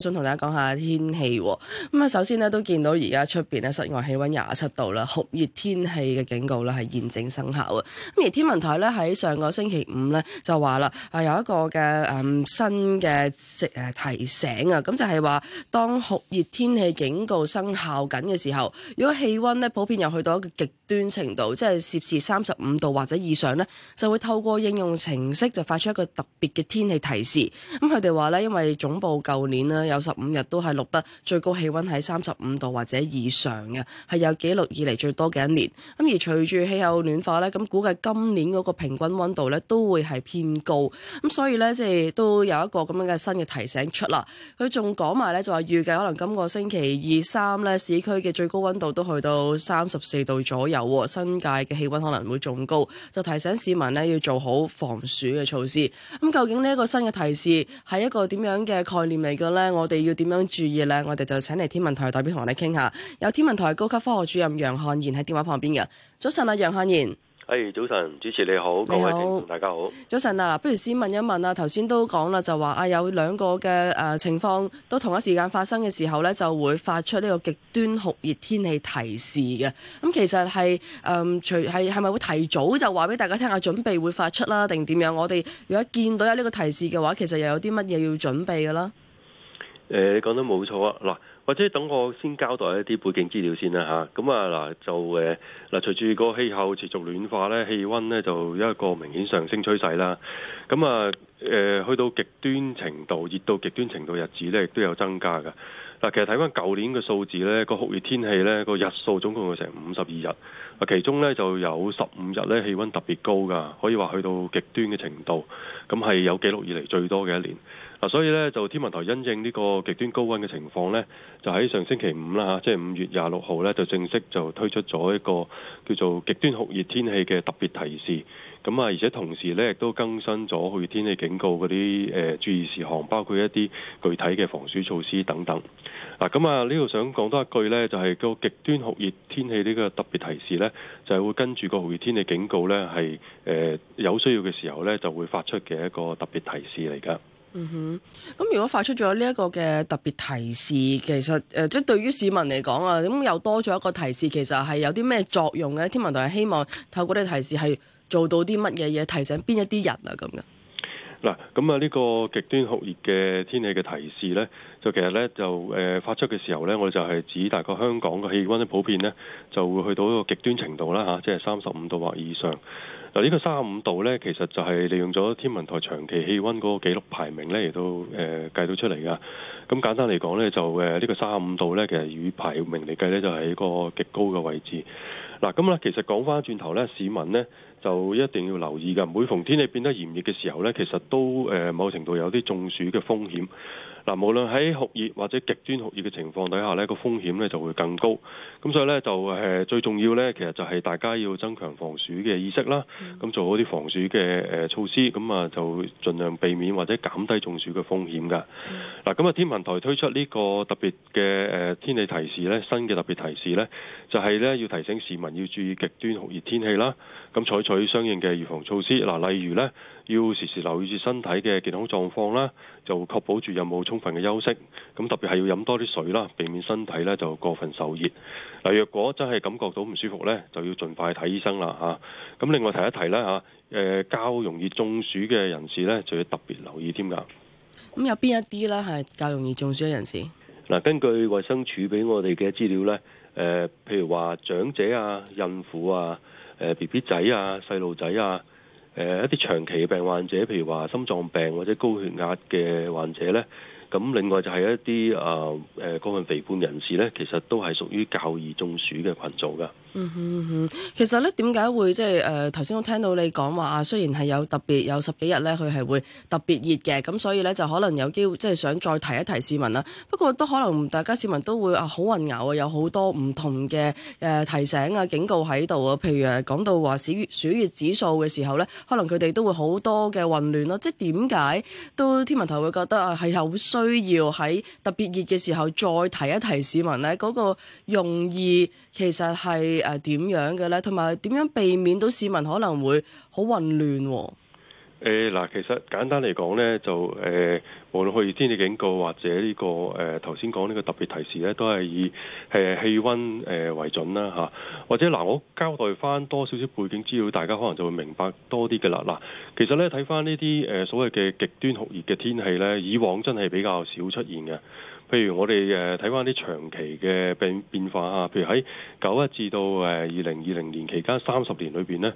想同大家講下天氣咁啊，首先呢，都見到而家出邊咧室外氣溫廿七度啦，酷熱天氣嘅警告咧係現正生效啊！咁而天文台咧喺上個星期五咧就話啦，啊有一個嘅誒、嗯、新嘅誒提醒啊，咁就係、是、話當酷熱天氣警告生效緊嘅時候，如果氣溫咧普遍又去到一個極端程度，即係攝氏三十五度或者以上咧，就會透過應用程式就發出一個特別嘅天氣提示。咁佢哋話咧，因為總部舊年呢。有十五日都係錄得最高氣溫喺三十五度或者以上嘅，係有紀錄以嚟最多嘅一年。咁而隨住氣候暖化呢，咁估計今年嗰個平均溫度呢都會係偏高。咁所以呢，即係都有一個咁樣嘅新嘅提醒出啦。佢仲講埋呢，就話預計可能今個星期二三呢市區嘅最高溫度都去到三十四度左右，新界嘅氣溫可能會仲高，就提醒市民呢要做好防暑嘅措施。咁究竟呢一個新嘅提示係一個點樣嘅概念嚟嘅呢？我哋要點樣注意呢？我哋就請嚟天文台代表同我哋傾下。有天文台高級科學主任楊漢賢喺電話旁邊嘅。早晨啊，楊漢賢。誒，hey, 早晨，主持你好，各位聽眾大家好。早晨啊，嗱，不如先問一問啊。頭先都講啦，就話啊，有兩個嘅誒、呃、情況都同一時間發生嘅時候呢，就會發出呢個極端酷熱天氣提示嘅。咁、嗯、其實係誒、呃，除係係咪會提早就話俾大家聽下準備會發出啦，定點樣？我哋如果見到有呢個提示嘅話，其實又有啲乜嘢要準備噶啦？呃、你講得冇錯啊！嗱，或者等我先交代一啲背景資料先啦嚇。咁啊嗱、啊、就誒嗱、啊，隨住個氣候持續暖化咧，氣温咧就有一個明顯上升趨勢啦。咁啊誒、啊啊，去到極端程度，熱到極端程度日子咧，亦都有增加㗎。嗱、啊，其實睇翻舊年嘅數字咧，個酷熱天氣咧，個日數總共有成五十二日，其中咧就有十五日咧氣温特別高㗎，可以話去到極端嘅程度。咁係有記錄以嚟最多嘅一年。嗱，所以咧就天文台因應呢個極端高溫嘅情況咧，就喺上星期五啦嚇、啊，即係五月廿六號咧就正式就推出咗一個叫做極端酷熱天氣嘅特別提示。咁啊，而且同時咧亦都更新咗酷熱天氣警告嗰啲誒注意事項，包括一啲具體嘅防暑措施等等。嗱、啊，咁啊呢度想講多一句咧，就係、是、個極端酷熱天氣呢個特別提示咧，就係、是、會跟住個酷熱天氣警告咧係誒有需要嘅時候咧就會發出嘅一個特別提示嚟噶。嗯哼，咁如果發出咗呢一個嘅特別提示，其實誒、呃，即係對於市民嚟講啊，咁又多咗一個提示，其實係有啲咩作用嘅？天文台係希望透過啲提示係做到啲乜嘢嘢，提醒邊一啲人啊？咁樣嗱，咁啊呢個極端酷熱嘅天氣嘅提示咧，就其實咧就誒發出嘅時候咧，我就係指大概香港嘅氣温咧普遍咧就會去到一個極端程度啦吓，即係三十五度或以上。嗱，呢個三十五度呢，其實就係利用咗天文台長期氣温嗰個記錄排名咧，嚟到誒計到出嚟噶。咁、嗯、簡單嚟講呢，就誒呢、呃這個三十五度呢，其實以排名嚟計呢，就係一個極高嘅位置。嗱、嗯，咁、嗯、咧其實講返轉頭呢，市民呢就一定要留意噶。每逢天氣變得炎熱嘅時候呢，其實都誒、呃、某程度有啲中暑嘅風險。嗱，無論喺酷熱或者極端酷熱嘅情況底下，呢個風險呢，就會更高。咁所以呢，就誒最重要呢，其實就係大家要增強防暑嘅意識啦。咁做好啲防暑嘅誒措施，咁啊就盡量避免或者減低中暑嘅風險㗎。嗱，咁啊天文台推出呢個特別嘅誒天氣提示呢，新嘅特別提示呢，就係呢，要提醒市民要注意極端酷熱天氣啦。咁採取相應嘅預防措施。嗱，例如呢。要時時留意住身體嘅健康狀況啦，就會確保住有冇充分嘅休息。咁特別係要飲多啲水啦，避免身體咧就過分受熱。嗱，若果真係感覺到唔舒服咧，就要盡快睇醫生啦嚇。咁另外提一提啦，嚇，誒較容易中暑嘅人士咧，就要特別留意添㗎。咁有邊一啲咧係較容易中暑嘅人士？嗱，根據衛生署俾我哋嘅資料咧，誒譬如話長者啊、孕婦啊、誒 B B 仔啊、細路仔啊。誒、呃、一啲長期嘅病患者，譬如話心臟病或者高血壓嘅患者咧，咁另外就係一啲誒誒過分肥胖人士咧，其實都係屬於較易中暑嘅群組㗎。嗯哼哼，其實咧點解會即係誒頭先我聽到你講話啊，雖然係有特別有十幾日咧，佢係會特別熱嘅，咁所以咧就可能有機會即係想再提一提市民啦。不過都可能大家市民都會啊好混淆啊，有好多唔同嘅誒、呃、提醒啊警告喺度啊。譬如誒講到話暑熱暑熱指數嘅時候咧，可能佢哋都會好多嘅混亂咯、啊。即係點解都天文台會覺得係、啊、有需要喺特別熱嘅時候再提一提市民咧？嗰、那個用意其實係。誒，點樣嘅咧？同埋點樣避免到市民可能會好混亂？誒，嗱，其實簡單嚟講咧，就誒、呃，無論去天氣警告或者呢、這個誒，頭先講呢個特別提示咧，都係以誒氣温誒為準啦，吓、啊。或者嗱、啊，我交代翻多少少背景資料，大家可能就會明白多啲嘅啦。嗱、啊，其實咧，睇翻呢啲誒、呃、所謂嘅極端酷熱嘅天氣咧，以往真係比較少出現嘅。譬如我哋誒睇返啲長期嘅變變化啊，譬如喺九一至到誒二零二零年期間三十年裏邊咧，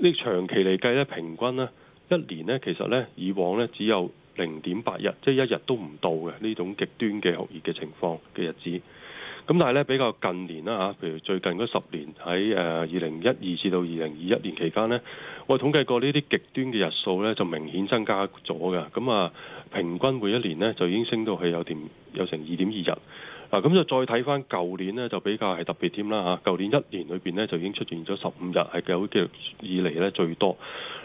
呢長期嚟計咧，平均咧，一年呢，其實呢以往呢，只有零點八日，即係一日都唔到嘅呢種極端嘅酷熱嘅情況嘅日子。咁但係咧比較近年啦吓，譬如最近嗰十年喺誒二零一二至到二零二一年期間呢，我統計過呢啲極端嘅日數呢，就明顯增加咗嘅。咁、嗯、啊，平均每一年呢，就已經升到係有點有成二點二日。嗱、啊，咁就再睇翻舊年呢，就比較係特別添啦嚇。舊年一年裏邊呢，就已經出現咗十五日係有記錄以嚟呢最多。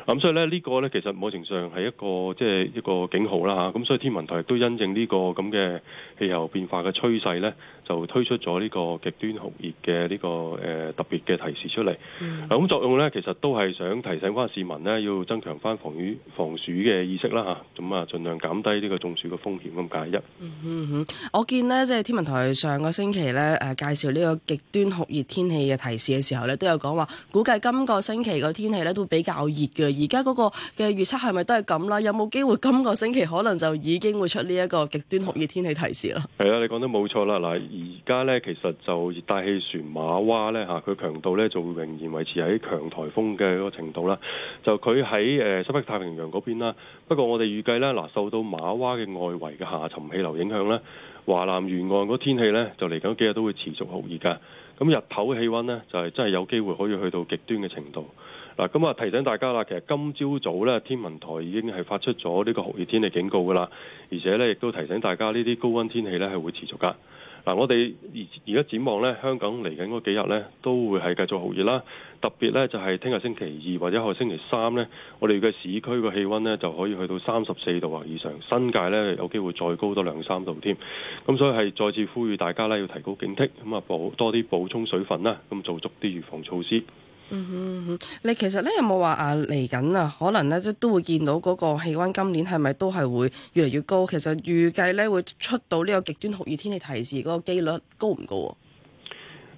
咁、嗯、所以咧，呢個咧其實某程度上係一個即係、就是、一個警號啦吓。咁、啊、所以天文台都因應呢個咁嘅氣候變化嘅趨勢咧，就推出咗呢個極端酷熱嘅呢個誒、呃、特別嘅提示出嚟。咁、嗯、作用咧，其實都係想提醒翻市民呢，要增強翻防雨防暑嘅意識啦吓。咁啊，盡量減低呢個中暑嘅風險。咁解一。嗯哼、嗯，我見呢，即、就、係、是、天文台上個星期咧誒、啊、介紹呢個極端酷熱天氣嘅提示嘅時候咧，都有講話，估計今個星期個天氣咧都比較熱嘅。而家嗰個嘅預測係咪都係咁啦？有冇機會今個星期可能就已經會出呢一個極端酷熱天氣提示啦？係啊，你講得冇錯啦。嗱，而家呢，其實就熱帶氣旋瑪娃呢，嚇，佢強度呢就會仍然維持喺強颱風嘅個程度啦。就佢喺誒西北太平洋嗰邊啦。不過我哋預計呢，嗱、呃、受到瑪娃嘅外圍嘅下沉氣流影響呢，華南沿岸嗰天氣呢，就嚟緊幾日都會持續酷熱㗎。咁日頭氣溫呢，就係真係有機會可以去到極端嘅程度。嗱，咁啊提醒大家啦，其實今朝早咧天文台已經係發出咗呢個酷熱天氣警告噶啦，而且咧亦都提醒大家呢啲高溫天氣咧係會持續噶。嗱，我哋而而家展望咧，香港嚟緊嗰幾日咧都會係繼續酷熱啦。特別咧就係聽日星期二或者係星期三咧，我哋嘅市區嘅氣溫咧就可以去到三十四度啊以上，新界咧有機會再高多兩三度添。咁所以係再次呼籲大家咧要提高警惕，咁啊補多啲補充水分啦，咁做足啲預防措施。嗯，嗯，你其實咧有冇話啊嚟緊啊，可能咧即都會見到嗰個氣温今年係咪都係會越嚟越高？其實預計咧會出到呢個極端酷熱天氣提示嗰個機率高唔高啊？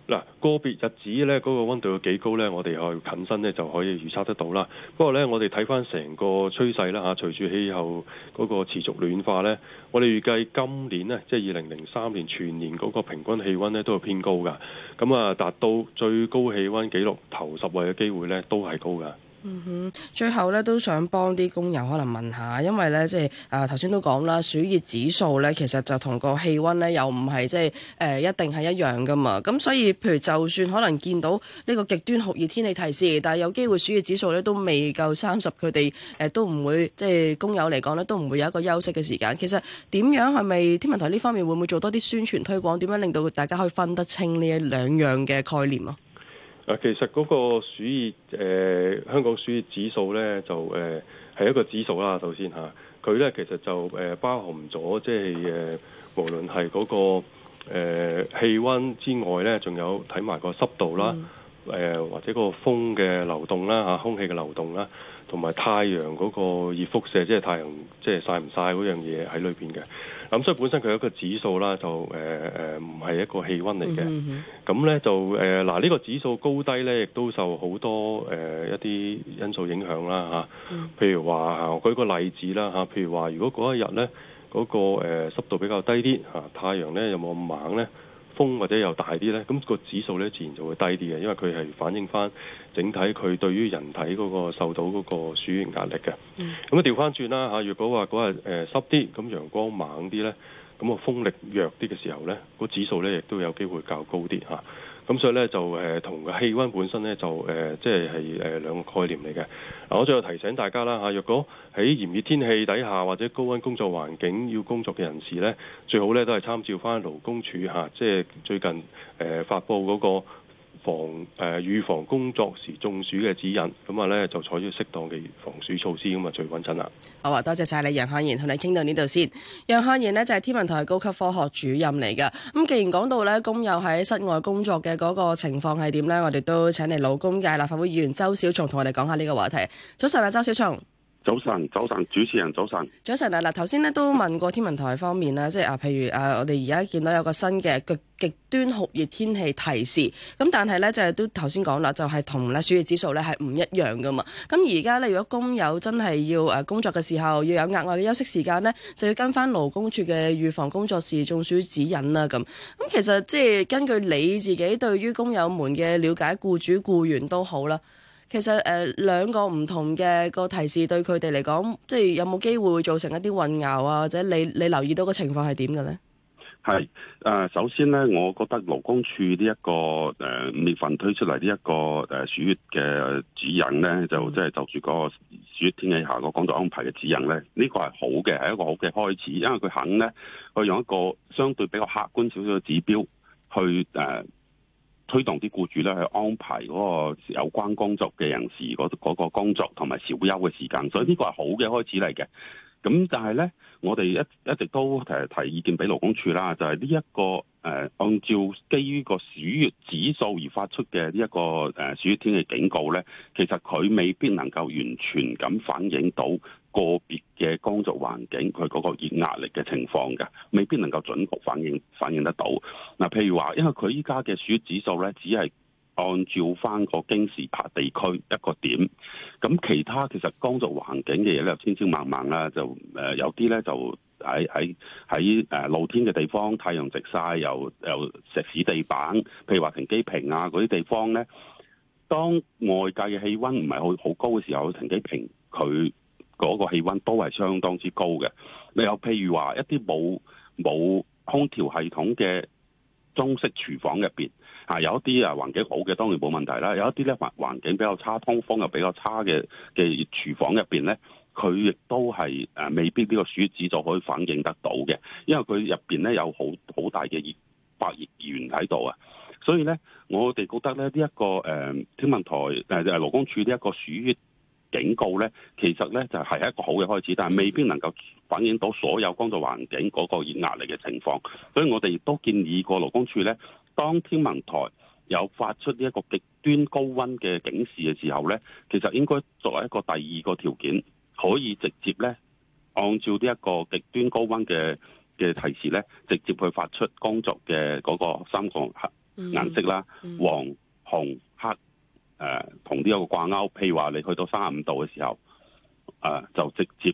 嗱，個別日子咧，嗰個温度有幾高咧，我哋去近身咧就可以預測得到啦。不過咧，我哋睇返成個趨勢啦嚇，隨住氣候嗰個持續暖化咧，我哋預計今年咧，即係二零零三年全年嗰個平均氣温咧都係偏高噶。咁啊，達到最高氣温紀錄頭十位嘅機會咧都係高噶。嗯哼，最後咧都想幫啲工友可能問下，因為咧即係啊頭先都講啦，暑熱指數咧其實就同個氣温咧又唔係即係誒、呃、一定係一樣噶嘛，咁所以譬如就算可能見到呢個極端酷熱天氣提示，但係有機會暑熱指數咧都未夠三十，佢哋誒都唔會即係工友嚟講咧都唔會有一個休息嘅時間。其實點樣係咪天文台呢方面會唔會做多啲宣傳推廣，點樣令到大家可以分得清呢兩樣嘅概念啊？啊，其實嗰個暑熱、呃、香港暑熱指數咧就誒係、呃、一個指數啦。首先嚇，佢咧其實就誒包含咗即係誒，無論係嗰、那個誒、呃、氣温之外咧，仲有睇埋個濕度啦，誒、嗯呃、或者個風嘅流動啦嚇，空氣嘅流動啦，同埋太陽嗰個熱輻射，即、就、係、是、太陽即係晒唔晒嗰樣嘢喺裏邊嘅。咁、啊、所以本身佢係一個指數啦，就誒誒唔係一個氣温嚟嘅。咁咧、mm hmm. 就誒嗱，呢、呃這個指數高低咧，亦都受好多誒、呃、一啲因素影響啦嚇、啊。譬如話，我舉個例子啦嚇、啊，譬如話，如果嗰一日咧嗰個誒、呃、濕度比較低啲嚇、啊，太陽咧有冇咁猛咧？風或者又大啲呢，咁個指數咧自然就會低啲嘅，因為佢係反映翻整體佢對於人體嗰個受到嗰個暑熱壓力嘅。咁啊調翻轉啦嚇，如果話嗰日誒濕啲，咁陽光猛啲呢，咁個風力弱啲嘅時候呢，個指數呢亦都有機會較高啲啊。咁所以咧就誒同氣溫本身咧就誒即係係誒兩個概念嚟嘅。嗱，我最後提醒大家啦嚇，若果喺炎熱天氣底下或者高溫工作環境要工作嘅人士咧，最好咧都係參照翻勞工署嚇，即係最近誒發佈嗰個，防誒、呃、預防工作時中暑嘅指引，咁啊咧就採取適當嘅防暑措施，咁啊最穩陣啦。好啊，多謝晒你楊漢賢，同你傾到呢度先。楊漢賢呢，就係天文台高級科學主任嚟嘅。咁既然講到咧工友喺室外工作嘅嗰個情況係點咧，我哋都請嚟勞工界立法會議員周小松同我哋講下呢個話題。早晨啊，周小松。早晨，早晨，主持人早晨。早晨嗱嗱，頭先咧都問過天文台方面啦，即係啊，譬如啊，我哋而家見到有個新嘅極極端酷熱天氣提示，咁但係咧就係都頭先講啦，就係同咧暑熱指數咧係唔一樣噶嘛。咁而家咧，如果工友真係要誒工作嘅時候要有額外嘅休息時間咧，就要跟翻勞工處嘅預防工作時中暑指引啦。咁咁其實即係根據你自己對於工友們嘅了解，僱主僱員都好啦。其實誒，兩個唔同嘅個提示對佢哋嚟講，即係有冇機會會造成一啲混淆啊？或者你你留意到個情況係點嘅咧？係誒、呃，首先咧，我覺得勞工處呢、這、一個誒五月份推出嚟呢一個誒暑熱嘅指引咧，就即係就住嗰個暑熱天氣下個工作安排嘅指引咧，呢、這個係好嘅，係一個好嘅開始，因為佢肯咧去用一個相對比較客觀少少嘅指標去誒。呃推動啲僱主咧去安排嗰個有關工作嘅人士嗰個工作同埋小休嘅時間，所以呢個係好嘅開始嚟嘅。咁但係咧，我哋一一直都提提意見俾勞工處啦，就係呢一個誒、呃，按照基於個暑熱指數而發出嘅呢一個誒暑熱天氣警告咧，其實佢未必能夠完全咁反映到。個別嘅工作環境，佢嗰個熱壓力嘅情況嘅，未必能夠準確反映反映得到。嗱、啊，譬如話，因為佢依家嘅暑熱指數咧，只係按照翻個京士柏地區一個點，咁其他其實工作環境嘅嘢咧，千千萬萬啊，就誒有啲咧就喺喺喺誒露天嘅地方，太陽直曬，又又石屎地板，譬如話停機坪啊嗰啲地方咧，當外界嘅氣温唔係好好高嘅時候，停機坪佢。嗰個氣温都係相當之高嘅，你有譬如話一啲冇冇空調系統嘅中式廚房入邊，嚇有一啲啊，環境好嘅當然冇問題啦。有一啲咧環環境比較差，通風又比較差嘅嘅廚房入邊咧，佢亦都係誒未必呢個暑指數就可以反映得到嘅，因為佢入邊咧有好好大嘅熱發熱源喺度啊。所以咧，我哋覺得咧呢一、這個誒、呃、天文台誒、呃、勞工處呢一個暑。警告呢，其實呢就係、是、一個好嘅開始，但係未必能夠反映到所有工作環境嗰個熱壓力嘅情況，所以我哋亦都建議過勞工處呢，當天文台有發出呢一個極端高温嘅警示嘅時候呢，其實應該作為一個第二個條件，可以直接呢按照呢一個極端高温嘅嘅提示呢，直接去發出工作嘅嗰個三個顏色啦，嗯嗯、黃紅，誒、啊、同啲有個掛鈎，譬如話你去到三十五度嘅時候，誒、啊、就直接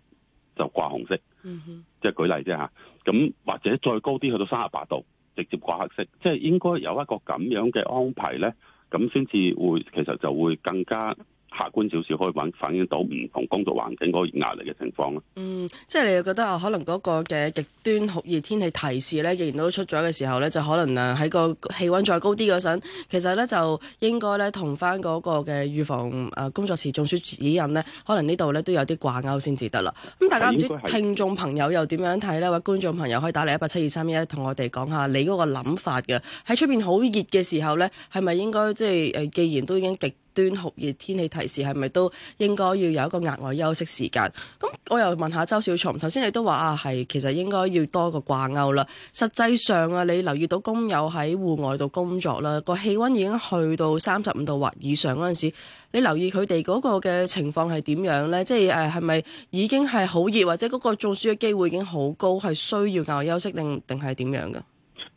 就掛紅色，即係、mm hmm. 舉例啫嚇。咁或者再高啲去到三十八度，直接掛黑色，即、就、係、是、應該有一個咁樣嘅安排呢，咁先至會其實就會更加。客觀少少可以揾反映到唔同工作環境嗰個壓力嘅情況咯。嗯，即係你又覺得啊，可能嗰個嘅極端酷熱天氣提示咧，既然都出咗嘅時候咧，就可能啊喺個氣溫再高啲嗰陣，其實咧就應該咧同翻嗰個嘅預防啊工作時中暑指引咧，可能呢度咧都有啲掛鈎先至得啦。咁、嗯、大家唔知聽眾朋友又點樣睇呢？或者觀眾朋友可以打嚟一八七二三一，同我哋講下你嗰個諗法嘅。喺出邊好熱嘅時候咧，係咪應該即係誒？既然都已經極端酷熱天氣提示係咪都應該要有一個額外休息時間？咁我又問下周小松，頭先你都話啊，係其實應該要多個掛鈎啦。實際上啊，你留意到工友喺戶外度工作啦，個氣温已經去到三十五度或以上嗰陣時，你留意佢哋嗰個嘅情況係點樣呢？即係誒，係咪已經係好熱或者嗰個中暑嘅機會已經好高，係需要額外休息定定係點樣㗎？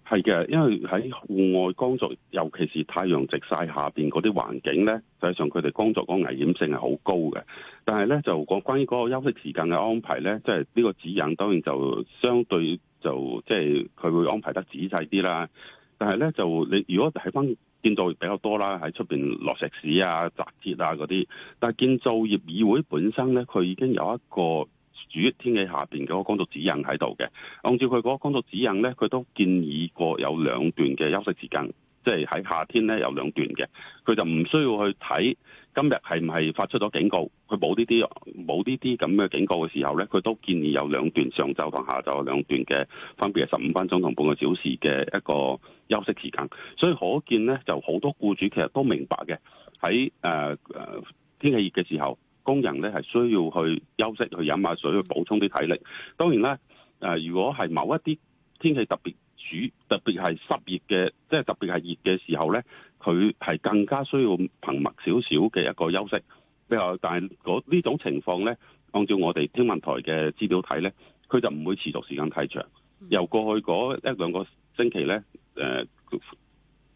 係嘅，因為喺戶外工作，尤其是太陽直曬下邊嗰啲環境咧，實際上佢哋工作個危險性係好高嘅。但係咧，就講關於嗰個休息時間嘅安排咧，即係呢個指引，當然就相對就即係佢會安排得仔細啲啦。但係咧，就你如果睇翻建造業比較多啦，喺出邊落石屎啊、紮鐵啊嗰啲，但係建造業議會本身咧，佢已經有一個。主天氣下邊嗰個工作指引喺度嘅，按照佢嗰個工作指引呢，佢都建議過有兩段嘅休息時間，即係喺夏天呢有兩段嘅，佢就唔需要去睇今日係唔係發出咗警告，佢冇呢啲冇呢啲咁嘅警告嘅時候呢，佢都建議有兩段上晝同下晝兩段嘅分別係十五分鐘同半個小時嘅一個休息時間，所以可見呢，就好多僱主其實都明白嘅喺誒誒天氣熱嘅時候。工人咧係需要去休息、去飲下水、去補充啲體力。當然啦，誒、呃、如果係某一啲天氣特別暑，特別係濕熱嘅，即係特別係熱嘅時候咧，佢係更加需要頻密少少嘅一個休息。比較但係嗰呢種情況咧，按照我哋天文台嘅資料睇咧，佢就唔會持續時間太長。由過去嗰一兩個星期咧，誒、呃。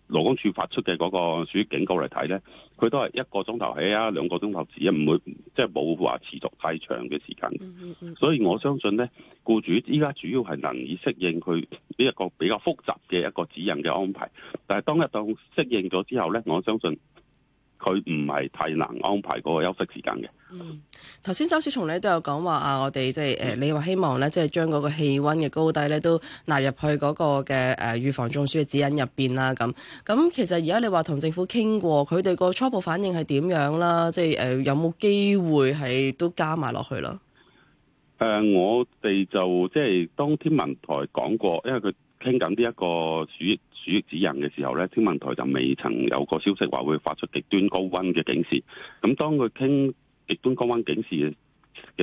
勞工處發出嘅嗰個屬於警告嚟睇咧，佢都係一個鐘頭起啊，兩個鐘頭止呀，唔會即係冇話持續太長嘅時間。所以我相信咧，僱主依家主要係能以適應佢呢一個比較複雜嘅一個指引嘅安排。但係當一當適應咗之後咧，我相信。佢唔係太難安排嗰個休息時間嘅。嗯，頭先周小松咧都有講話啊，我哋即係誒，你話希望咧，即係將嗰個氣溫嘅高低咧都納入去嗰個嘅誒、呃、預防中暑嘅指引入邊啦。咁咁其實而家你話同政府傾過，佢哋個初步反應係點樣啦？即係誒有冇機會係都加埋落去囉？誒、呃，我哋就即係、就是、當天文台講過，因為佢。傾緊呢一個暑熱暑熱指引嘅時候咧，天文台就未曾有個消息話會發出極端高温嘅警示。咁當佢傾極端高温警示嘅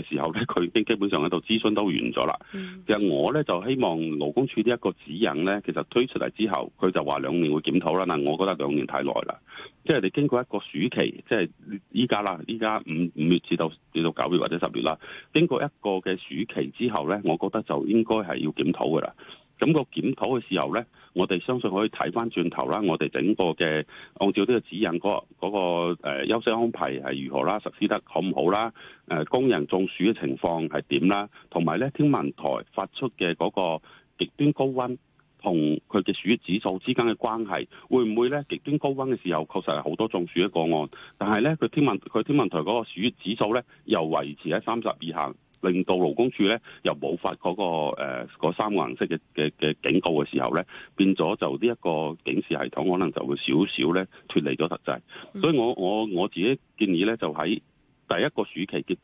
嘅時候咧，佢已經基本上喺度諮詢都完咗啦。嗯、其實我咧就希望勞工處呢一個指引咧，其實推出嚟之後，佢就話兩年會檢討啦。嗱，我覺得兩年太耐啦，即係你經過一個暑期，即係依家啦，依家五五月至到至到九月或者十月啦，經過一個嘅暑期之後咧，我覺得就應該係要檢討噶啦。咁個檢討嘅時候咧，我哋相信可以睇翻轉頭啦。我哋整個嘅按照呢個指引，嗰、那、嗰個休息安排係如何啦，實施得好唔好啦？誒工人中暑嘅情況係點啦？同埋咧，天文台發出嘅嗰個極端高温同佢嘅暑熱指數之間嘅關係，會唔會咧極端高温嘅時候確實係好多中暑嘅個案？但係咧，佢天文佢天文台嗰個暑熱指數咧又維持喺三十以下。令到勞工處咧又冇發嗰、嗰個誒、呃、三個顏色嘅嘅嘅警告嘅時候咧，變咗就呢一個警示系統可能就會少少咧脫離咗實際，所以我我我自己建議咧就喺第一個暑期結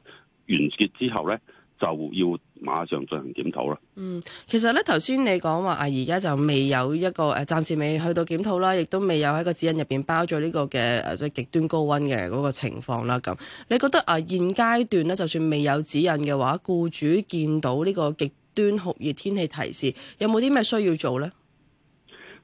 完結之後咧。就要馬上進行檢討啦。嗯，其實咧頭先你講話啊，而家就未有一個誒、啊，暫時未去到檢討啦，亦都未有喺個指引入邊包咗呢個嘅誒，即、啊、係極端高溫嘅嗰個情況啦。咁你覺得啊，現階段咧，就算未有指引嘅話，僱主見到呢個極端酷熱天氣提示，有冇啲咩需要做咧？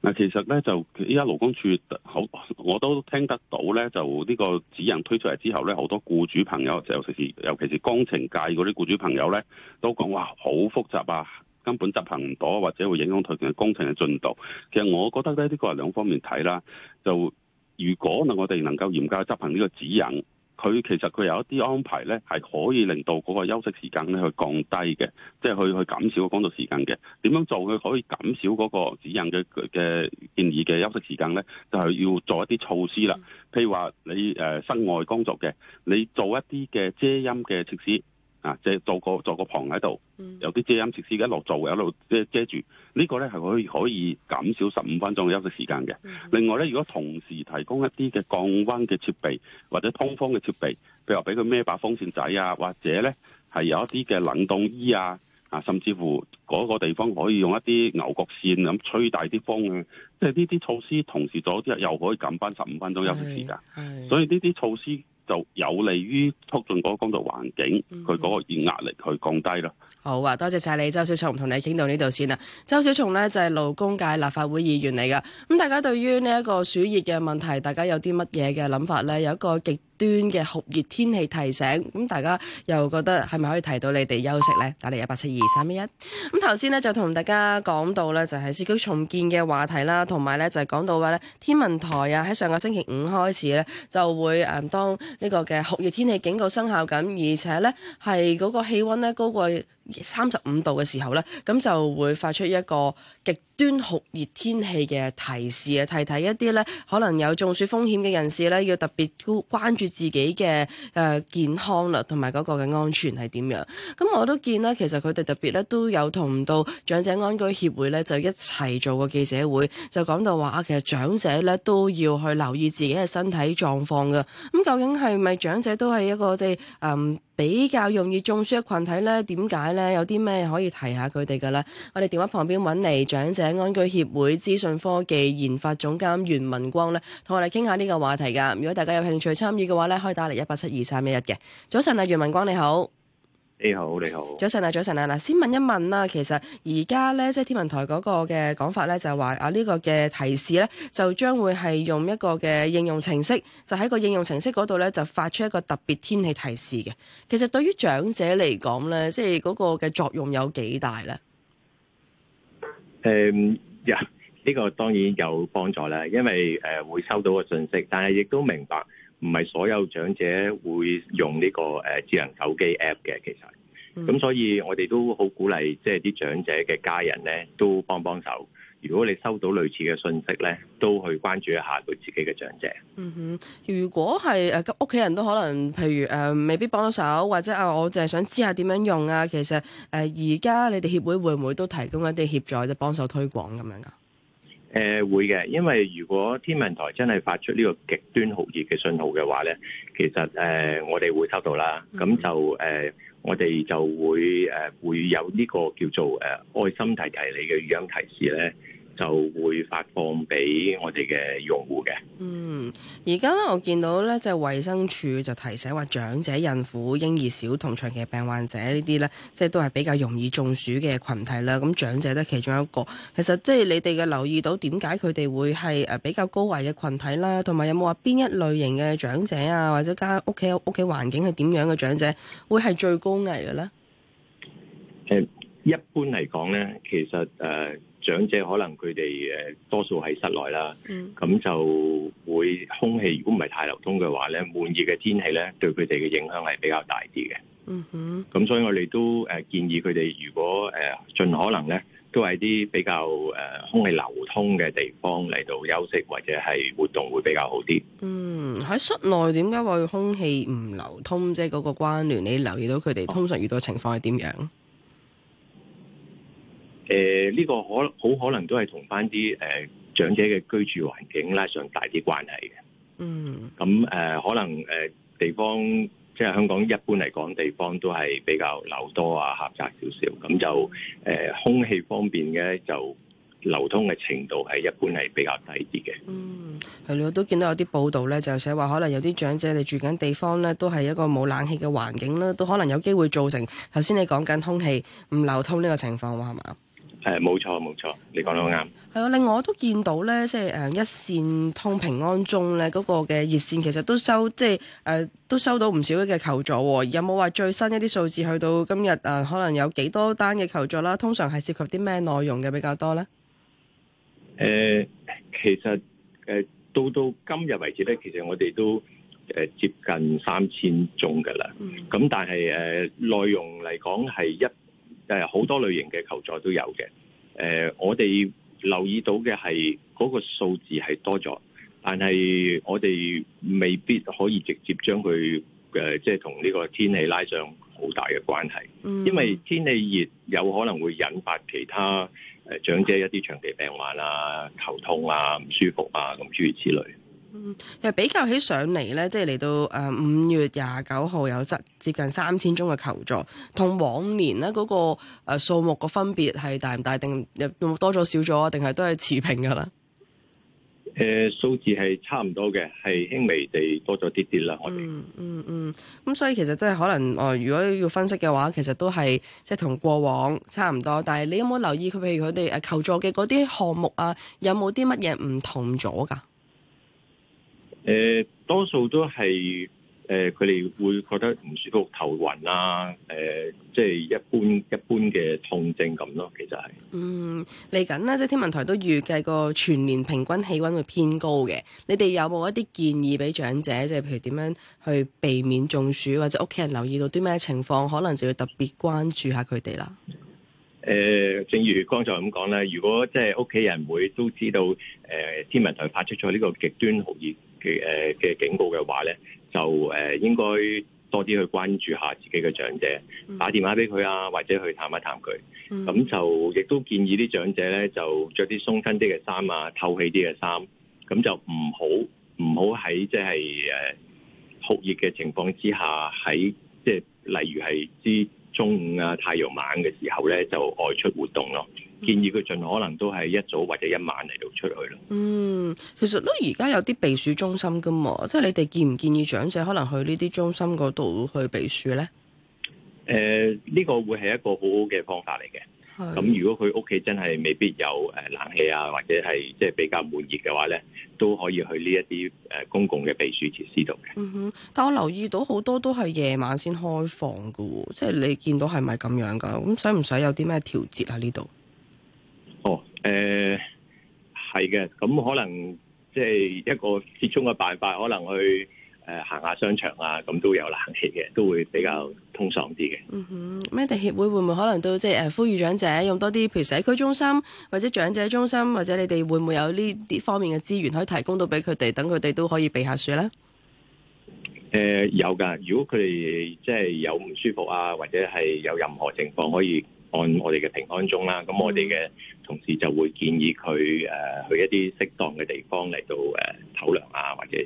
嗱，其實咧就依家勞工處好，我都聽得到咧，就呢個指引推出嚟之後咧，好多僱主朋友尤其是尤其是工程界嗰啲僱主朋友咧，都講哇好複雜啊，根本執行唔到，或者會影響佢嘅工程嘅進度。其實我覺得咧，呢個係兩方面睇啦。就如果嗱，我哋能夠嚴格執行呢個指引。佢其實佢有一啲安排呢，係可以令到嗰個休息時間咧去降低嘅，即係去去減少工作時間嘅。點樣做佢可以減少嗰個指引嘅嘅建議嘅休息時間呢，就係、是、要做一啲措施啦。譬如話你誒室外工作嘅，你做一啲嘅遮陰嘅設施。啊！即係做個做個棚喺度，嗯、有啲遮陰設施一路做，一路度遮，遮住。這個，呢個咧，係可以可以減少十五分鐘休息時間嘅。嗯、另外咧，如果同時提供一啲嘅降溫嘅設備或者通風嘅設備，譬如話俾佢孭把風扇仔啊，或者咧，係有一啲嘅冷凍衣啊，啊甚至乎嗰個地方可以用一啲牛角扇咁吹大啲風啊。即係呢啲措施同時做咗之後，又可以減返十五分鐘休息時間。所以呢啲措施，就有利於促進嗰個工作環境，佢嗰個熱壓力去降低咯。好啊，多謝晒你，周小松，同你傾到呢度先啦。周小松呢，就係、是、勞工界立法會議員嚟㗎。咁、嗯、大家對於呢一個暑熱嘅問題，大家有啲乜嘢嘅諗法呢？有一個極端嘅酷熱天氣提醒，咁大家又覺得係咪可以提到你哋休息咧？打嚟一八七二三一一。咁頭先咧就同大家講到咧就係市區重建嘅話題啦，同埋咧就係講到話咧天文台啊喺上個星期五開始咧就會誒當呢個嘅酷熱天氣警告生效緊，而且咧係嗰個氣温咧高過。三十五度嘅時候咧，咁就會發出一個極端酷熱天氣嘅提示啊！提提一啲咧，可能有中暑風險嘅人士咧，要特別高關注自己嘅誒健康啦，同埋嗰個嘅安全係點樣？咁我都見咧，其實佢哋特別咧都有同到長者安居協會咧，就一齊做個記者會，就講到話啊，其實長者咧都要去留意自己嘅身體狀況㗎。咁究竟係咪長者都係一個即係嗯？比較容易中暑嘅群體呢，點解呢？有啲咩可以提下佢哋嘅呢？我哋電話旁邊揾嚟長者安居協會資訊科技研發總監袁民光呢，同我哋傾下呢個話題㗎。如果大家有興趣參與嘅話呢，可以打嚟一八七二三一一嘅。早晨啊，袁民光你好。你好，你好。早晨啊，早晨啊，嗱，先問一問啦。其實而家咧，即係天文台嗰個嘅講法咧，就係話啊呢個嘅提示咧，就將會係用一個嘅應用程式，就喺個應用程式嗰度咧，就發出一個特別天氣提示嘅。其實對於長者嚟講咧，即係嗰個嘅作用有幾大咧？誒，呀，呢個當然有幫助啦，因為誒會收到個信息，但係亦都明白。唔係所有長者會用呢個誒智能手機 App 嘅，其實，咁所以我哋都好鼓勵，即係啲長者嘅家人咧，都幫幫手。如果你收到類似嘅訊息咧，都去關注一下佢自己嘅長者。嗯哼，如果係誒屋企人都可能，譬如誒、呃、未必幫到手，或者啊、呃，我淨係想知下點樣用啊，其實誒而家你哋協會會唔會都提供一啲協助，即係幫手推廣咁樣噶？誒、呃、會嘅，因為如果天文台真係發出呢個極端酷熱嘅信號嘅話呢，其實誒、呃、我哋會收到啦，咁就誒、呃、我哋就會誒、呃、會有呢個叫做誒、呃、愛心提提你嘅語音提示呢。就會發放俾我哋嘅用戶嘅。嗯，而家咧，我見到咧，就係衛生署就提醒話，長者、孕婦、嬰兒、小童、長期病患者呢啲咧，即係都係比較容易中暑嘅群體啦。咁長者都其中一個。其實即係你哋嘅留意到，點解佢哋會係誒比較高危嘅群體啦？同埋有冇話邊一類型嘅長者啊，或者家屋企屋企環境係點樣嘅長者，會係最高危嘅咧？誒、嗯，一般嚟講咧，其實誒。呃長者可能佢哋誒多數喺室內啦，嗯，咁就會空氣如果唔係太流通嘅話咧，悶熱嘅天氣咧對佢哋嘅影響係比較大啲嘅。嗯哼，咁所以我哋都誒建議佢哋如果誒盡可能咧，都喺啲比較誒空氣流通嘅地方嚟到休息或者係活動會比較好啲。嗯，喺室內點解會空氣唔流通啫？嗰個關聯你留意到佢哋通常遇到情況係點樣？誒，呢、呃這個可好可能都係同翻啲誒長者嘅居住環境拉上大啲關係嘅。嗯。咁誒、呃，可能誒、呃、地方，即係香港一般嚟講，地方都係比較流多啊，狹窄少少，咁就誒、呃、空氣方面嘅就流通嘅程度係一般係比較低啲嘅。嗯，係咯，都見到有啲報道咧，就寫話可能有啲長者你住緊地方咧，都係一個冇冷氣嘅環境啦，都可能有機會造成，頭先你講緊空氣唔流通呢個情況，話係嘛？誒，冇錯冇錯，你講得好啱。係啊，另外我都見到咧，即係誒，一線通平安中咧嗰個嘅熱線，其實都收即係誒，都收到唔少嘅求助。有冇話最新一啲數字去到今日誒，可能有幾多單嘅求助啦？通常係涉及啲咩內容嘅比較多咧？誒，其實誒，到到今日為止咧，其實我哋都誒接近三千宗噶啦。嗯。咁但係誒，內容嚟講係一。就係好多類型嘅求助都有嘅，誒、呃，我哋留意到嘅係嗰個數字係多咗，但係我哋未必可以直接將佢誒即係同呢個天氣拉上好大嘅關係，嗯、因為天氣熱有可能會引發其他誒、呃、長者一啲長期病患啊、頭痛啊、唔舒服啊咁諸如此類。嗯，又比較起上嚟咧，即係嚟到誒五月廿九號有七接近三千宗嘅求助，同往年咧嗰個誒數目嘅分別係大唔大，定有多咗少咗啊？定係都係持平噶啦？誒、呃，數字係差唔多嘅，係輕微地多咗啲啲啦。我哋嗯嗯嗯，咁、嗯嗯、所以其實即係可能誒、呃，如果要分析嘅話，其實都係即係同過往差唔多。但係你有冇留意佢？譬如佢哋誒求助嘅嗰啲項目啊，有冇啲乜嘢唔同咗噶？誒、呃，多數都係誒，佢、呃、哋會覺得唔舒服頭暈，啊、頭暈啦，誒，即係一般一般嘅痛症咁咯。其實係嗯嚟緊咧，即係天文台都預計個全年平均氣溫會偏高嘅。你哋有冇一啲建議俾長者，即係譬如點樣去避免中暑，或者屋企人留意到啲咩情況，可能就要特別關注下佢哋啦。誒、呃，正如剛才咁講咧，如果即係屋企人會都知道，誒、呃，天文台發出咗呢個極端好熱嘅嘅警告嘅話咧，就誒應該多啲去關注下自己嘅長者，打電話俾佢啊，或者去探一探佢。咁就亦都建議啲長者咧，就着啲鬆身啲嘅衫啊，透氣啲嘅衫。咁就唔好唔好喺即係誒酷熱嘅情況之下，喺即係例如係知中午啊、太陽猛嘅時候咧，就外出活動咯。建議佢盡可能都係一早或者一晚嚟到出去咯。嗯，其實都而家有啲避暑中心噶嘛，即係你哋建唔建議長者可能去呢啲中心嗰度去避暑呢？誒、呃，呢、呢個會係一個好好嘅方法嚟嘅。咁是如果佢屋企真係未必有誒冷氣啊，或者係即係比較悶熱嘅話呢，都可以去呢一啲誒公共嘅避暑設施度嘅、嗯。但我留意到好多都係夜晚先開放嘅喎，即係你見到係咪咁樣噶？咁使唔使有啲咩調節喺呢度？誒，係嘅、呃、咁、嗯、可能即係一個接通嘅辦法，可能去誒、呃、行下商場啊，咁都有冷氣嘅都會比較通爽啲嘅。嗯哼，咩？地協會會唔會可能都即係誒、呃、呼籲長者用多啲，譬如社區中心或者長者中心，或者你哋會唔會有呢啲方面嘅資源可以提供到俾佢哋，等佢哋都可以避下暑咧？誒、呃，有噶，如果佢哋即係有唔舒服啊，或者係有任何凡凡情況可以。按我哋嘅平安鐘啦，咁我哋嘅同事就會建議佢誒去一啲適當嘅地方嚟到誒唞涼啊，或者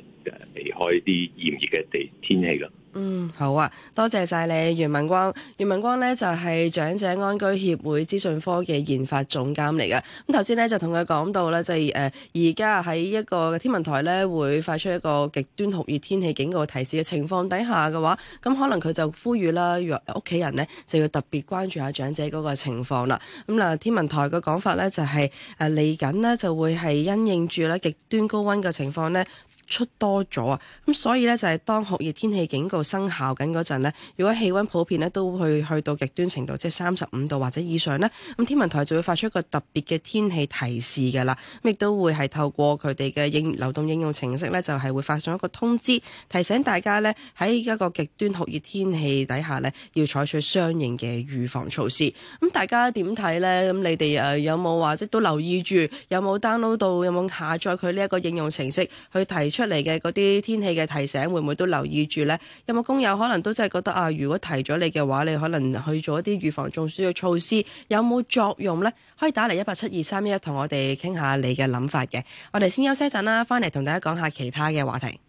離開啲炎熱嘅地天氣咯。嗯，好啊，多謝晒你，袁民光。袁民光咧就係、是、長者安居協會資訊科技研發總監嚟嘅。咁頭先咧就同佢講到咧，就係誒而家喺一個天文台咧會發出一個極端酷熱天氣警告提示嘅情況底下嘅話，咁可能佢就呼籲啦，若屋企人咧就要特別關注下長者嗰個情況啦。咁、嗯、嗱，天文台嘅講法咧就係誒嚟緊呢就會係因應住咧極端高温嘅情況咧。出多咗啊！咁所以咧就係當酷熱天氣警告生效緊嗰陣咧，如果氣溫普遍咧都去去到極端程度，即係三十五度或者以上咧，咁天文台就會發出一個特別嘅天氣提示㗎啦。咁亦都會係透過佢哋嘅應流動應用程式咧，就係會發送一個通知，提醒大家咧喺一個極端酷熱天氣底下咧，要採取相應嘅預防措施。咁大家點睇咧？咁你哋誒有冇話即都留意住？有冇 download 到？有冇下載佢呢一個應用程式去提出？出嚟嘅嗰啲天氣嘅提醒會唔會都留意住呢？有冇工友可能都真係覺得啊？如果提咗你嘅話，你可能去做一啲預防中暑嘅措施，有冇作用呢？可以打嚟一八七二三一一同我哋傾下你嘅諗法嘅。我哋先休息陣啦，翻嚟同大家講下其他嘅話題。